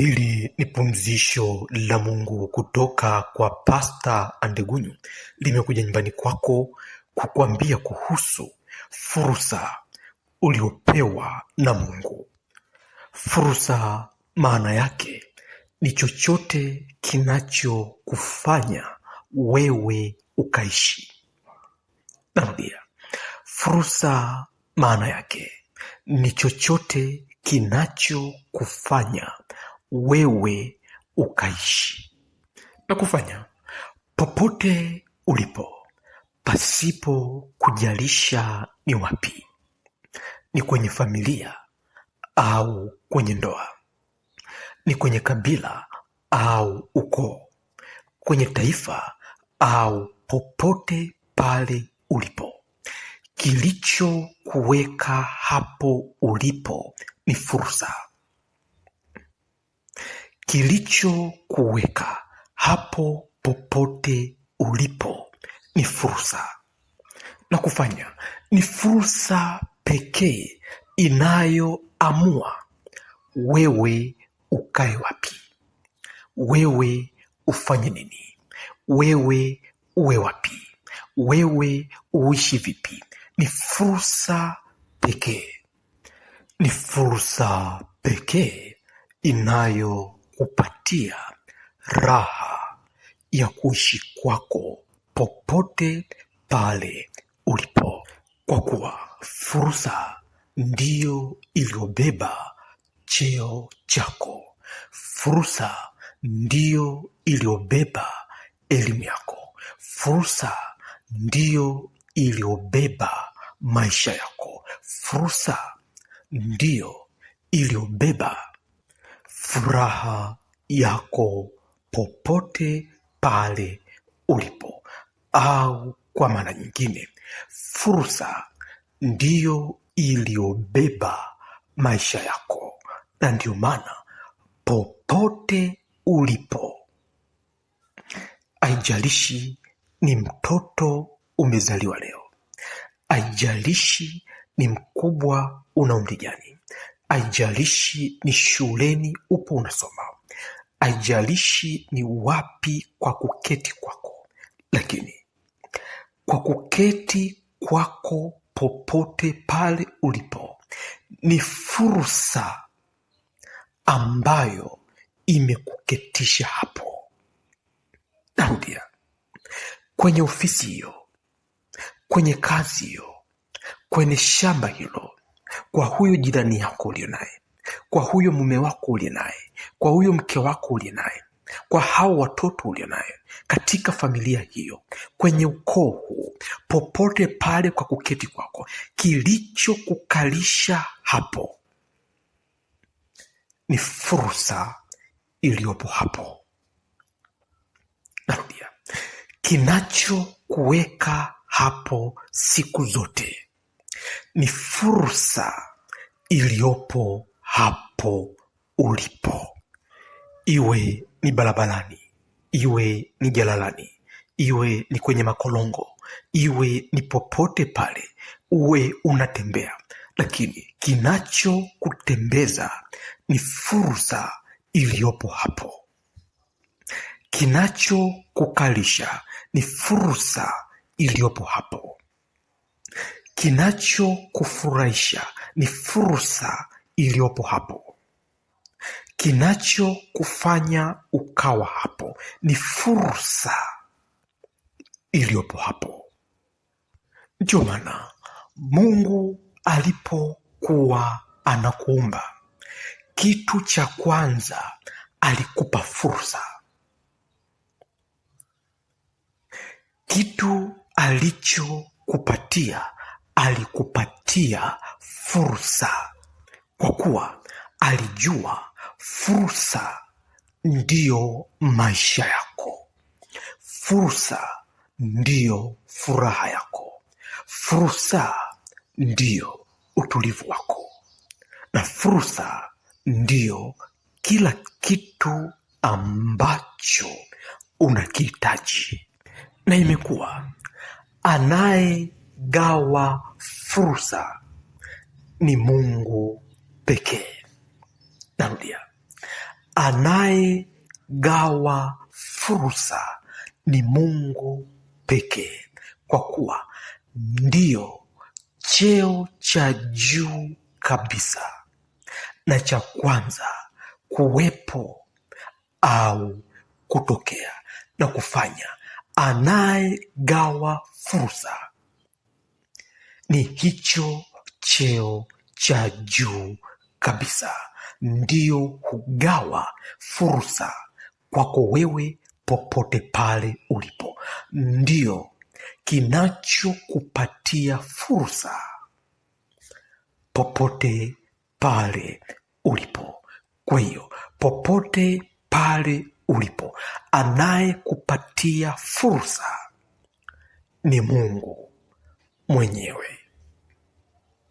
Hili ni pumzisho la Mungu kutoka kwa Pasta Andegunyu, limekuja nyumbani kwako kukuambia kuhusu fursa uliopewa na Mungu. Fursa maana yake ni chochote kinachokufanya wewe ukaishi. Narudia, fursa maana yake ni chochote kinachokufanya wewe ukaishi na kufanya popote ulipo pasipo kujalisha ni wapi ni kwenye familia au kwenye ndoa ni kwenye kabila au ukoo kwenye taifa au popote pale ulipo kilichokuweka hapo ulipo ni fursa kilichokuweka hapo popote ulipo ni fursa, na kufanya ni fursa pekee inayoamua wewe ukae wapi, wewe ufanye nini, wewe uwe wapi, wewe uishi vipi. Ni fursa pekee, ni fursa pekee inayo kukupatia raha ya kuishi kwako popote pale ulipo, kwa kuwa fursa ndiyo iliyobeba cheo chako, fursa ndiyo iliyobeba elimu yako, fursa ndiyo iliyobeba maisha yako, fursa ndiyo iliyobeba furaha yako popote pale ulipo, au kwa maana nyingine, fursa ndiyo iliyobeba maisha yako, na ndiyo maana popote ulipo, haijalishi ni mtoto umezaliwa leo, haijalishi ni mkubwa una umri gani haijalishi ni shuleni upo unasoma, haijalishi ni wapi kwa kuketi kwako, lakini kwa kuketi kwako popote pale ulipo ni fursa ambayo imekuketisha hapo. Narudia, kwenye ofisi hiyo, kwenye kazi hiyo, kwenye shamba hilo, kwa huyo jirani yako uliyo naye, kwa huyo mume wako uliye naye, kwa huyo mke wako uliye naye, kwa hao watoto ulio naye katika familia hiyo, kwenye ukoo huu, popote pale, kwa kuketi kwako, kilichokukalisha hapo ni fursa iliyopo hapo. Narudia, kinachokuweka hapo siku zote ni fursa iliyopo hapo ulipo, iwe ni barabarani, iwe ni jalalani, iwe ni kwenye makolongo, iwe ni popote pale, uwe unatembea, lakini kinachokutembeza ni fursa iliyopo hapo. Kinachokukalisha ni fursa iliyopo hapo. Kinachokufurahisha ni fursa iliyopo hapo. Kinachokufanya ukawa hapo ni fursa iliyopo hapo. Ndio maana Mungu alipokuwa anakuumba, kitu cha kwanza alikupa fursa. Kitu alichokupatia alikupatia fursa, kwa kuwa alijua fursa ndiyo maisha yako, fursa ndiyo furaha yako, fursa ndiyo utulivu wako, na fursa ndiyo kila kitu ambacho unakihitaji. Na imekuwa anaye anayegawa fursa ni Mungu pekee. Narudia, anayegawa fursa ni Mungu pekee, kwa kuwa ndiyo cheo cha juu kabisa na cha kwanza kuwepo au kutokea na kufanya. Anayegawa fursa ni hicho cheo cha juu kabisa, ndio hugawa fursa kwako wewe popote pale ulipo, ndio kinachokupatia fursa popote pale ulipo. Kwa hiyo popote pale ulipo, anayekupatia fursa ni Mungu mwenyewe.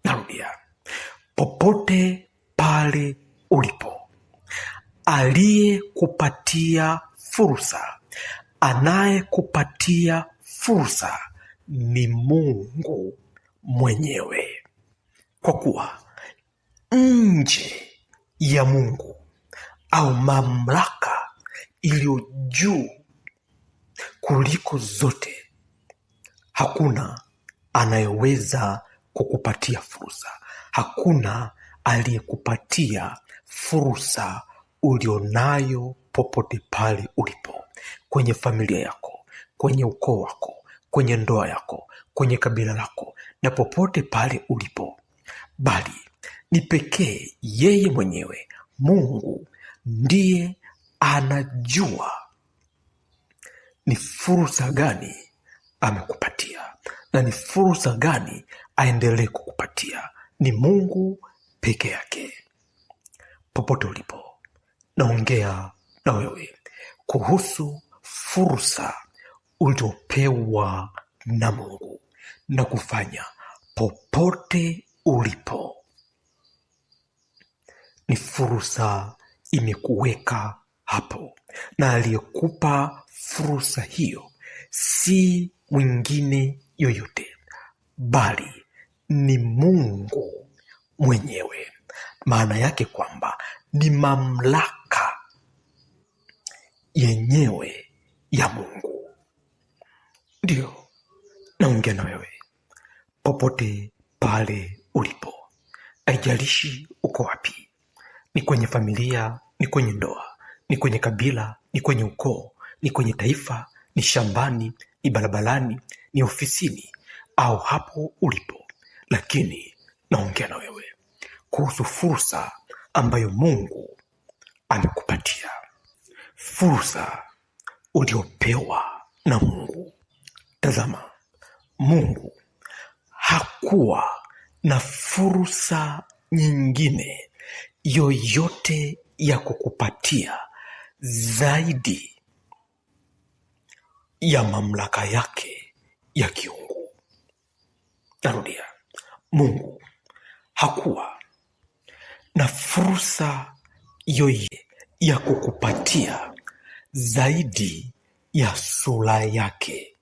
Narudia, popote pale ulipo, aliyekupatia fursa, anayekupatia fursa ni Mungu mwenyewe, kwa kuwa nje ya Mungu au mamlaka iliyo juu kuliko zote hakuna anayeweza kukupatia fursa. Hakuna aliyekupatia fursa ulionayo popote pale ulipo, kwenye familia yako, kwenye ukoo wako, kwenye ndoa yako, kwenye kabila lako na popote pale ulipo, bali ni pekee yeye mwenyewe Mungu ndiye anajua ni fursa gani amekupatia na ni fursa gani aendelee kukupatia ni Mungu peke yake. Popote ulipo, naongea na wewe kuhusu fursa uliopewa na Mungu na kufanya popote ulipo. Ni fursa imekuweka hapo, na aliyekupa fursa hiyo si mwingine yoyote, bali ni Mungu mwenyewe. Maana yake kwamba ni mamlaka yenyewe ya Mungu. Ndiyo naongea na wewe popote pale ulipo, haijalishi uko wapi, ni kwenye familia, ni kwenye ndoa, ni kwenye kabila, ni kwenye ukoo, ni kwenye taifa, ni shambani, ni barabarani, ni ofisini au hapo ulipo, lakini naongea na wewe kuhusu fursa ambayo Mungu amekupatia, fursa uliopewa na Mungu. Tazama, Mungu hakuwa na fursa nyingine yoyote ya kukupatia zaidi ya mamlaka yake ya kiungu. Narudia, Mungu hakuwa na fursa yoye ya kukupatia zaidi ya sura yake,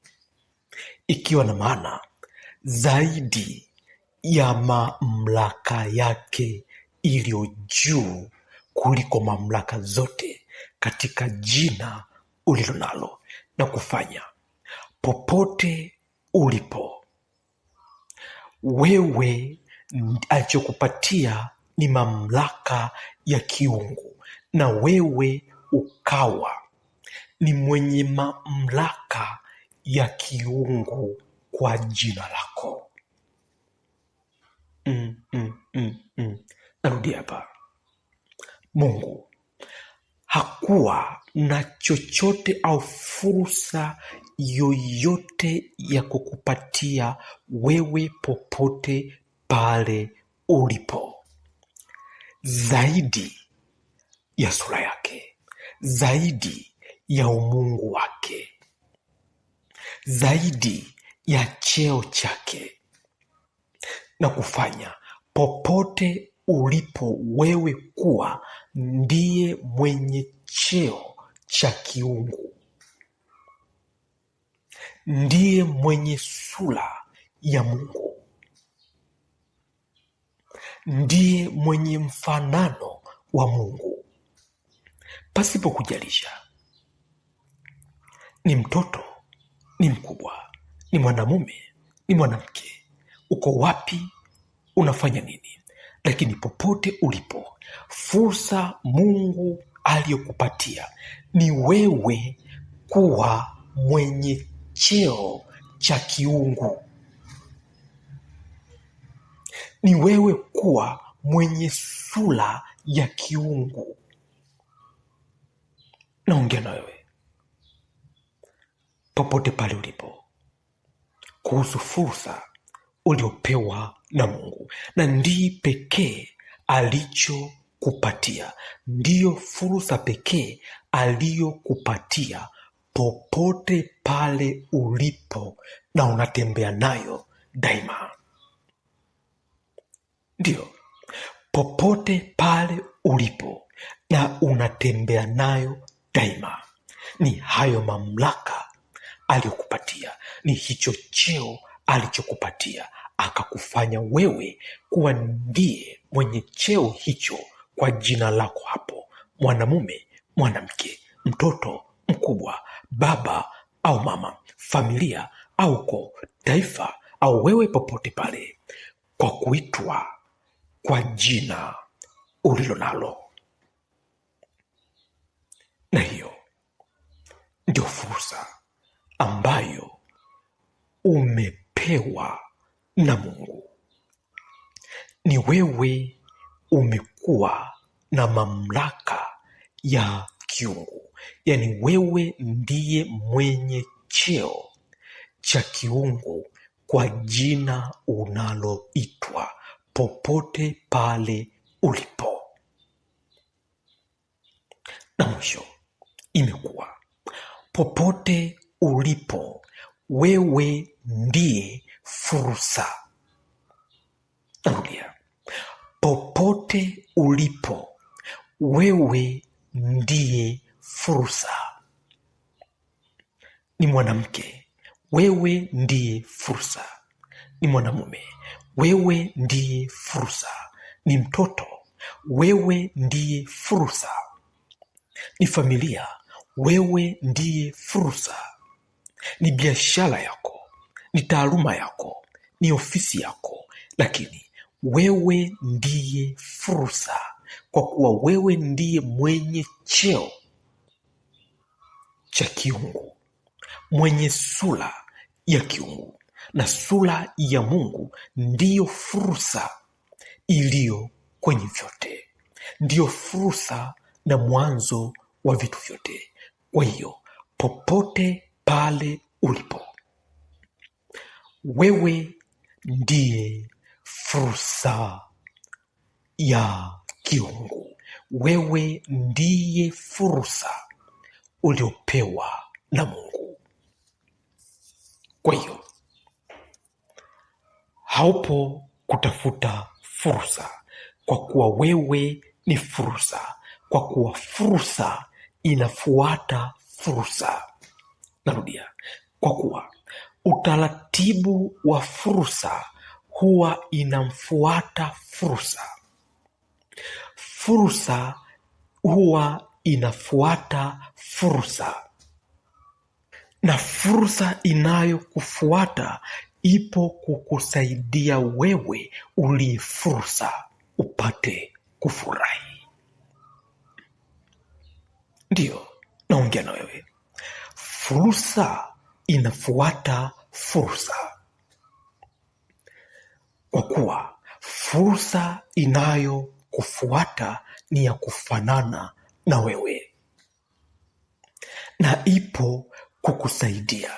ikiwa na maana zaidi ya mamlaka yake iliyo juu kuliko mamlaka zote katika jina ulilo nalo na kufanya popote ulipo. Wewe alichokupatia ni mamlaka ya kiungu, na wewe ukawa ni mwenye mamlaka ya kiungu kwa jina lako. Mm, mm, mm, mm. hapa, Mungu hakuwa na chochote au fursa yoyote ya kukupatia wewe popote pale ulipo, zaidi ya sura yake, zaidi ya umungu wake, zaidi ya cheo chake, na kufanya popote ulipo wewe kuwa ndiye mwenye cheo cha kiungu, ndiye mwenye sura ya Mungu, ndiye mwenye mfanano wa Mungu, pasipo kujalisha ni mtoto, ni mkubwa, ni mwanamume, ni mwanamke, uko wapi, unafanya nini, lakini popote ulipo, fursa Mungu aliyokupatia ni wewe kuwa mwenye cheo cha kiungu, ni wewe kuwa mwenye sura ya kiungu. Naongea na wewe popote pale ulipo kuhusu fursa uliopewa na Mungu, na ndii pekee alicho kupatia, ndiyo fursa pekee aliyokupatia popote pale ulipo na unatembea nayo daima. Ndiyo, popote pale ulipo na unatembea nayo daima. Ni hayo mamlaka aliyokupatia, ni hicho cheo alichokupatia, akakufanya wewe kuwa ndiye mwenye cheo hicho kwa jina lako hapo, mwanamume, mwanamke, mtoto, mkubwa, baba au mama, familia au ko taifa au wewe popote pale, kwa kuitwa kwa jina ulilo nalo. Na hiyo ndio fursa ambayo umepewa na Mungu, ni wewe umekuwa na mamlaka ya kiungu, yaani wewe ndiye mwenye cheo cha kiungu kwa jina unaloitwa popote pale ulipo. Na mwisho imekuwa popote ulipo, wewe ndiye fursa. Narudia, Popote ulipo wewe ndiye fursa. Ni mwanamke, wewe ndiye fursa. Ni mwanamume, wewe ndiye fursa. Ni mtoto, wewe ndiye fursa. Ni familia, wewe ndiye fursa. Ni biashara yako, ni taaluma yako, ni ofisi yako, lakini wewe ndiye fursa, kwa kuwa wewe ndiye mwenye cheo cha kiungu, mwenye sura ya kiungu, na sura ya Mungu ndiyo fursa iliyo kwenye vyote, ndiyo fursa na mwanzo wa vitu vyote. Kwa hiyo popote pale ulipo, wewe ndiye fursa ya kiungu. Wewe ndiye fursa uliopewa na Mungu. Kwa hiyo haupo kutafuta fursa, kwa kuwa wewe ni fursa, kwa kuwa fursa inafuata fursa. Narudia, kwa kuwa utaratibu wa fursa huwa inamfuata fursa. Fursa huwa inafuata fursa, na fursa inayokufuata ipo kukusaidia wewe uliye fursa upate kufurahi. Ndiyo naongea na wewe, fursa inafuata fursa kwa kuwa fursa inayokufuata ni ya kufanana na wewe na ipo kukusaidia,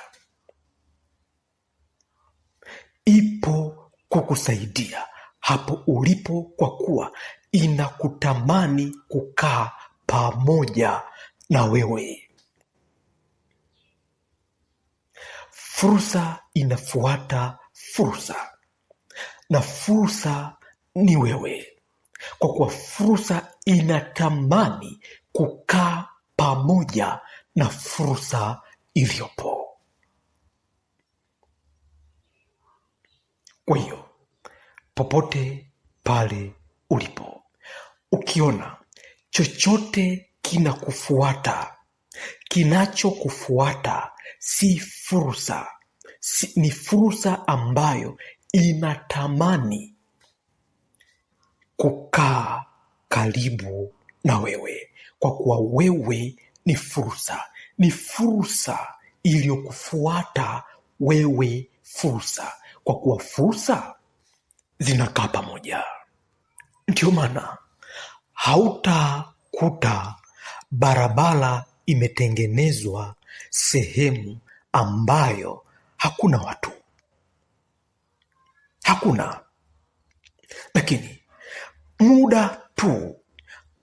ipo kukusaidia hapo ulipo, kwa kuwa inakutamani kukaa pamoja na wewe. Fursa inafuata fursa na fursa ni wewe, kwa kuwa fursa inatamani kukaa pamoja na fursa iliyopo. Kwa hiyo popote pale ulipo, ukiona chochote kinakufuata, kinachokufuata si fursa si, ni fursa ambayo inatamani kukaa karibu na wewe, kwa kuwa wewe ni fursa, ni fursa iliyokufuata wewe, fursa kwa kuwa fursa zinakaa pamoja. Ndio maana hautakuta barabara imetengenezwa sehemu ambayo hakuna watu hakuna. Lakini muda tu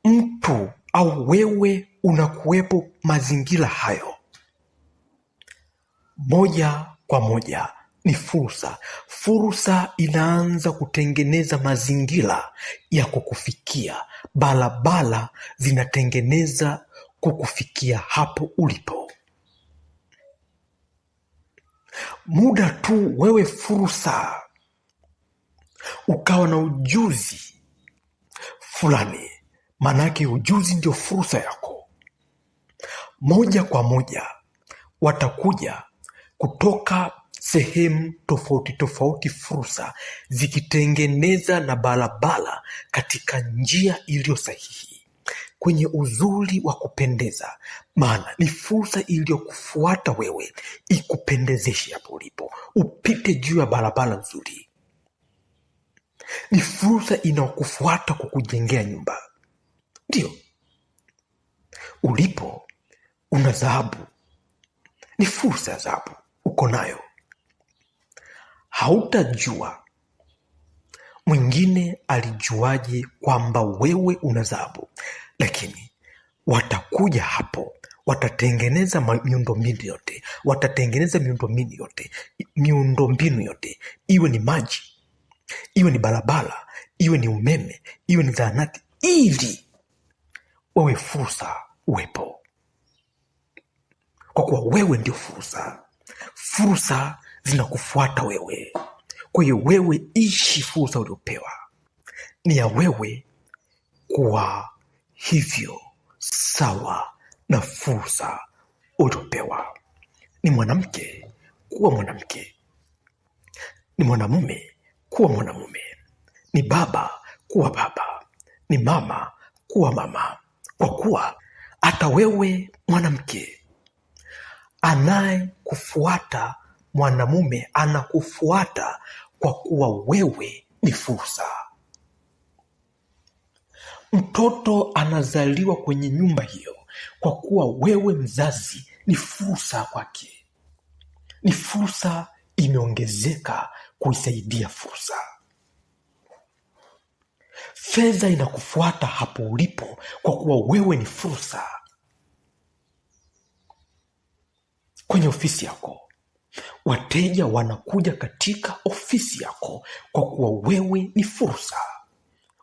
mtu au wewe unakuwepo mazingira hayo, moja kwa moja ni fursa. Fursa inaanza kutengeneza mazingira ya kukufikia, barabara zinatengeneza kukufikia hapo ulipo. Muda tu wewe fursa ukawa na ujuzi fulani, maanake ujuzi ndio fursa yako. Moja kwa moja watakuja kutoka sehemu tofauti tofauti, fursa zikitengeneza na barabara katika njia iliyo sahihi, kwenye uzuri wa kupendeza. Maana ni fursa iliyokufuata wewe, ikupendezeshe hapo ulipo, upite juu ya barabara nzuri ni fursa inayokufuata kwa kujengea nyumba. Ndiyo, ulipo una dhahabu, ni fursa ya dhahabu uko nayo. Hautajua mwingine alijuaje kwamba wewe una dhahabu, lakini watakuja hapo watatengeneza miundombinu yote, watatengeneza miundombinu yote, miundombinu yote iwe ni maji iwe ni barabara, iwe ni umeme, iwe ni zahanati, ili wewe fursa uwepo, kwa kuwa wewe ndio fursa. Fursa zinakufuata wewe. Kwa hiyo wewe ishi fursa uliopewa, ni ya wewe kuwa hivyo sawa na fursa uliopewa. Ni mwanamke kuwa mwanamke, ni mwanamume kuwa mwanamume, ni baba kuwa baba, ni mama kuwa mama, kwa kuwa hata wewe mwanamke anayekufuata mwanamume anakufuata kwa kuwa wewe ni fursa. Mtoto anazaliwa kwenye nyumba hiyo kwa kuwa wewe mzazi ni fursa kwake, ni fursa imeongezeka kuisaidia fursa. Fedha inakufuata hapo ulipo, kwa kuwa wewe ni fursa. Kwenye ofisi yako, wateja wanakuja katika ofisi yako, kwa kuwa wewe ni fursa.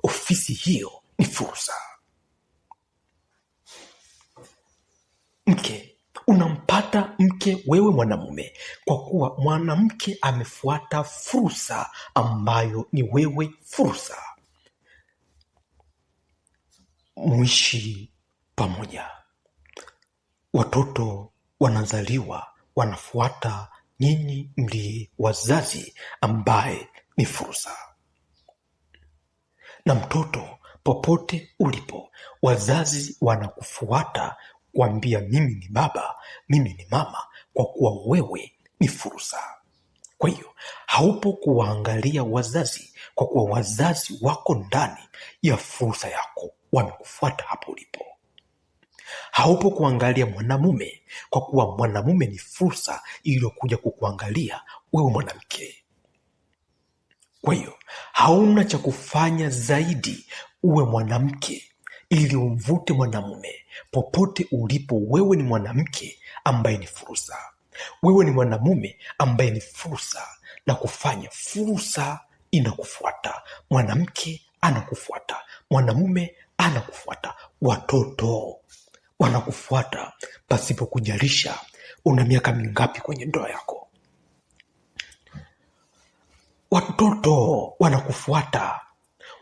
Ofisi hiyo ni fursa. Mke unampata mke wewe mwanamume, kwa kuwa mwanamke amefuata fursa ambayo ni wewe. Fursa muishi pamoja, watoto wanazaliwa, wanafuata nyinyi mliye wazazi, ambaye ni fursa. Na mtoto, popote ulipo, wazazi wanakufuata kuambia mimi ni baba, mimi ni mama, kwa kuwa wewe ni fursa. Kwa hiyo haupo kuwaangalia wazazi, kwa kuwa wazazi wako ndani ya fursa yako, wamekufuata hapo ulipo. Haupo kuangalia mwanamume, kwa kuwa mwanamume ni fursa iliyokuja kukuangalia wewe mwanamke. Kwa hiyo hauna cha kufanya zaidi, uwe mwanamke ili umvute mwanamume Popote ulipo, wewe ni mwanamke ambaye ni fursa, wewe ni mwanamume ambaye ni fursa, na kufanya fursa inakufuata. Mwanamke anakufuata, mwanamume anakufuata, watoto wanakufuata pasipo kujarisha una miaka mingapi kwenye ndoa yako. Watoto wanakufuata,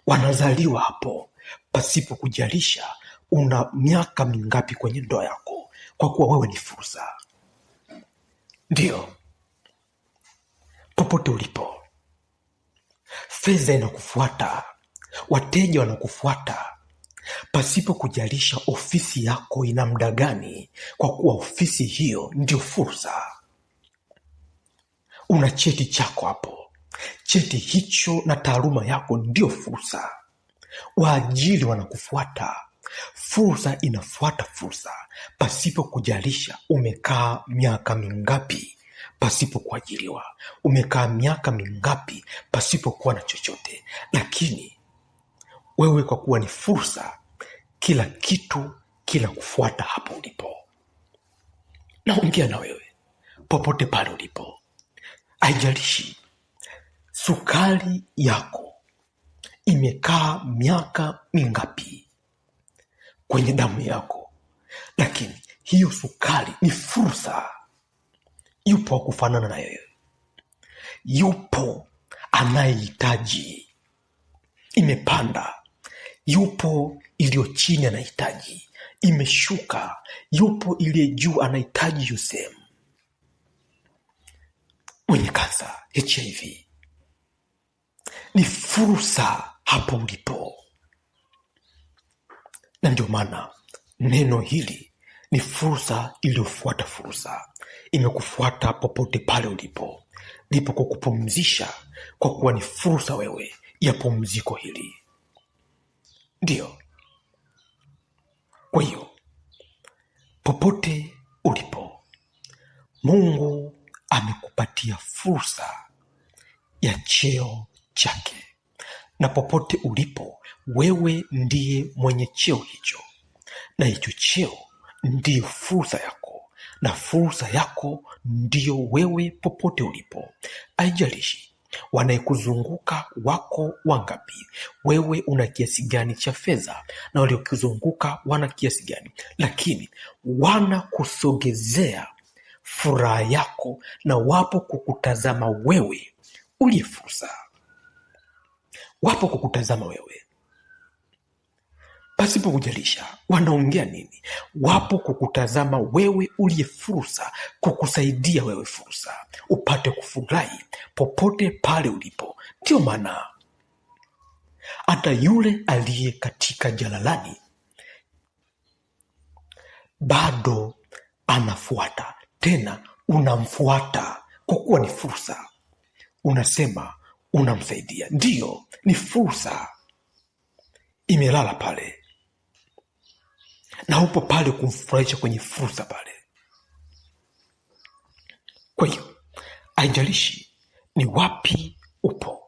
wanazaliwa hapo pasipo kujarisha una miaka mingapi kwenye ndoa yako, kwa kuwa wewe ni fursa. Ndiyo, popote ulipo, fedha inakufuata, wateja wanakufuata pasipo kujalisha ofisi yako ina mda gani, kwa kuwa ofisi hiyo ndio fursa. Una cheti chako hapo, cheti hicho na taaluma yako ndiyo fursa. waajili wanakufuata, Fursa inafuata fursa, pasipo kujalisha umekaa miaka mingapi pasipo kuajiriwa, umekaa miaka mingapi pasipo kuwa na chochote. Lakini wewe kwa kuwa ni fursa, kila kitu kila kufuata hapo ulipo. Naongea na wewe popote pale ulipo, haijalishi sukari yako imekaa miaka mingapi kwenye damu yako, lakini hiyo sukari ni fursa. Yupo wa kufanana na yeye yupo anayehitaji, imepanda. Yupo iliyo chini anahitaji, imeshuka. Yupo iliye juu anahitaji yusem sehemu. Mwenye kansa, HIV ni fursa hapo ulipo. Na ndio maana neno hili ni fursa iliyofuata fursa, imekufuata popote pale ulipo, lipo kwa kupumzisha, kwa kuwa ni fursa wewe ya pumziko hili. Ndiyo, kwa hiyo popote ulipo, Mungu amekupatia fursa ya cheo chake, na popote ulipo wewe ndiye mwenye cheo hicho, na hicho cheo ndiyo fursa yako, na fursa yako ndiyo wewe, popote ulipo. Haijalishi wanayekuzunguka wako wangapi, wewe una kiasi gani cha fedha na waliokuzunguka wana kiasi gani, lakini wanakusogezea furaha yako na wapo kukutazama wewe uliye fursa, wapo kukutazama wewe pasipo kujalisha wanaongea nini, wapo kukutazama wewe uliye fursa, kukusaidia wewe fursa upate kufurahi popote pale ulipo. Ndiyo maana hata yule aliye katika jalalani bado anafuata, tena unamfuata kwa kuwa ni fursa. Unasema unamsaidia, ndiyo, ni fursa imelala pale na upo pale kumfurahisha kwenye fursa pale. Kwa hiyo haijalishi ni wapi upo,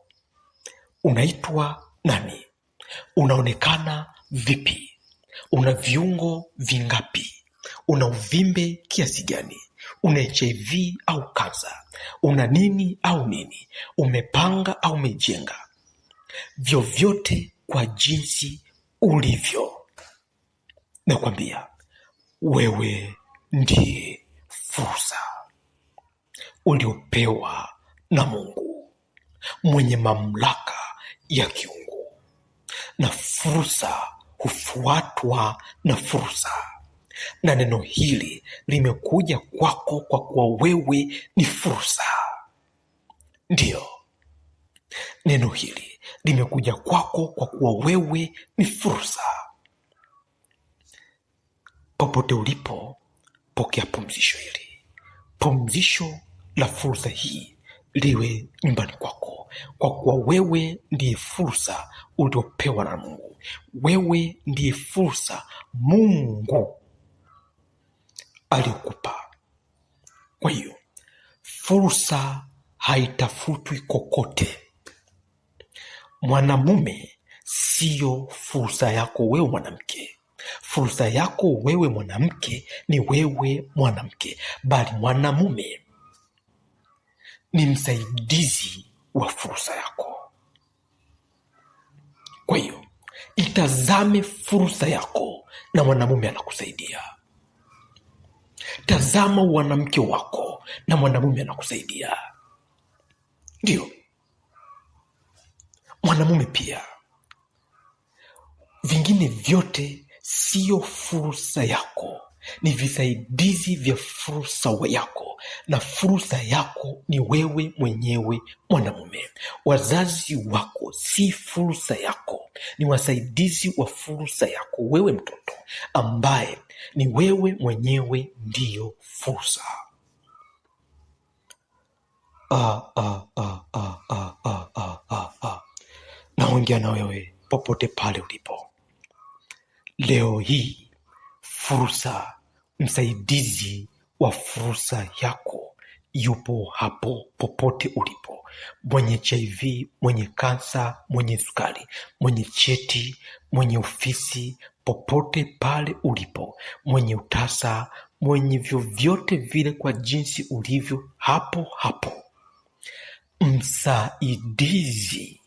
unaitwa nani, unaonekana vipi, una viungo vingapi, una uvimbe kiasi gani, una HIV au kansa, una nini au nini, umepanga au umejenga, vyovyote kwa jinsi ulivyo nakwambia wewe ndiye fursa uliopewa na Mungu mwenye mamlaka ya kiungu, na fursa hufuatwa na fursa, na neno hili limekuja kwako kwa kuwa wewe ni fursa. Ndiyo, neno hili limekuja kwako kwa kuwa wewe ni fursa. Popote ulipo pokea pumzisho hili, pumzisho la fursa hii liwe nyumbani kwako, kwa kuwa wewe ndiye fursa uliopewa na Mungu. Wewe ndiye fursa Mungu aliokupa Kwa hiyo fursa haitafutwi kokote. Mwanamume siyo fursa yako wewe mwanamke Fursa yako wewe mwanamke ni wewe mwanamke, bali mwanamume ni msaidizi wa fursa yako. Kwa hiyo itazame fursa yako na mwanamume anakusaidia. Tazama mwanamke wako na mwanamume anakusaidia. Ndiyo, mwanamume pia, vingine vyote siyo fursa yako, ni visaidizi vya fursa yako, na fursa yako ni wewe mwenyewe mwanamume. Wazazi wako si fursa yako, ni wasaidizi wa fursa yako wewe mtoto, ambaye ni wewe mwenyewe ndiyo fursa. Naongea na wewe popote pale ulipo Leo hii fursa, msaidizi wa fursa yako yupo hapo, popote ulipo, mwenye HIV, mwenye kansa, mwenye sukari, mwenye cheti, mwenye ofisi, popote pale ulipo, mwenye utasa, mwenye vyovyote vile, kwa jinsi ulivyo hapo hapo, msaidizi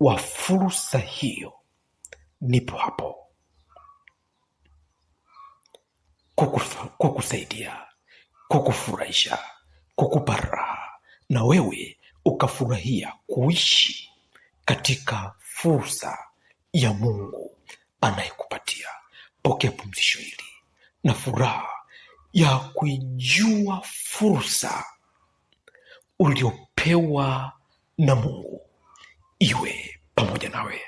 wa fursa hiyo, nipo hapo kukusaidia, kukufurahisha, kukupa raha na wewe ukafurahia kuishi katika fursa ya Mungu anayekupatia. Pokea pumzisho hili na furaha ya kuijua fursa uliopewa na Mungu iwe pamoja nawe.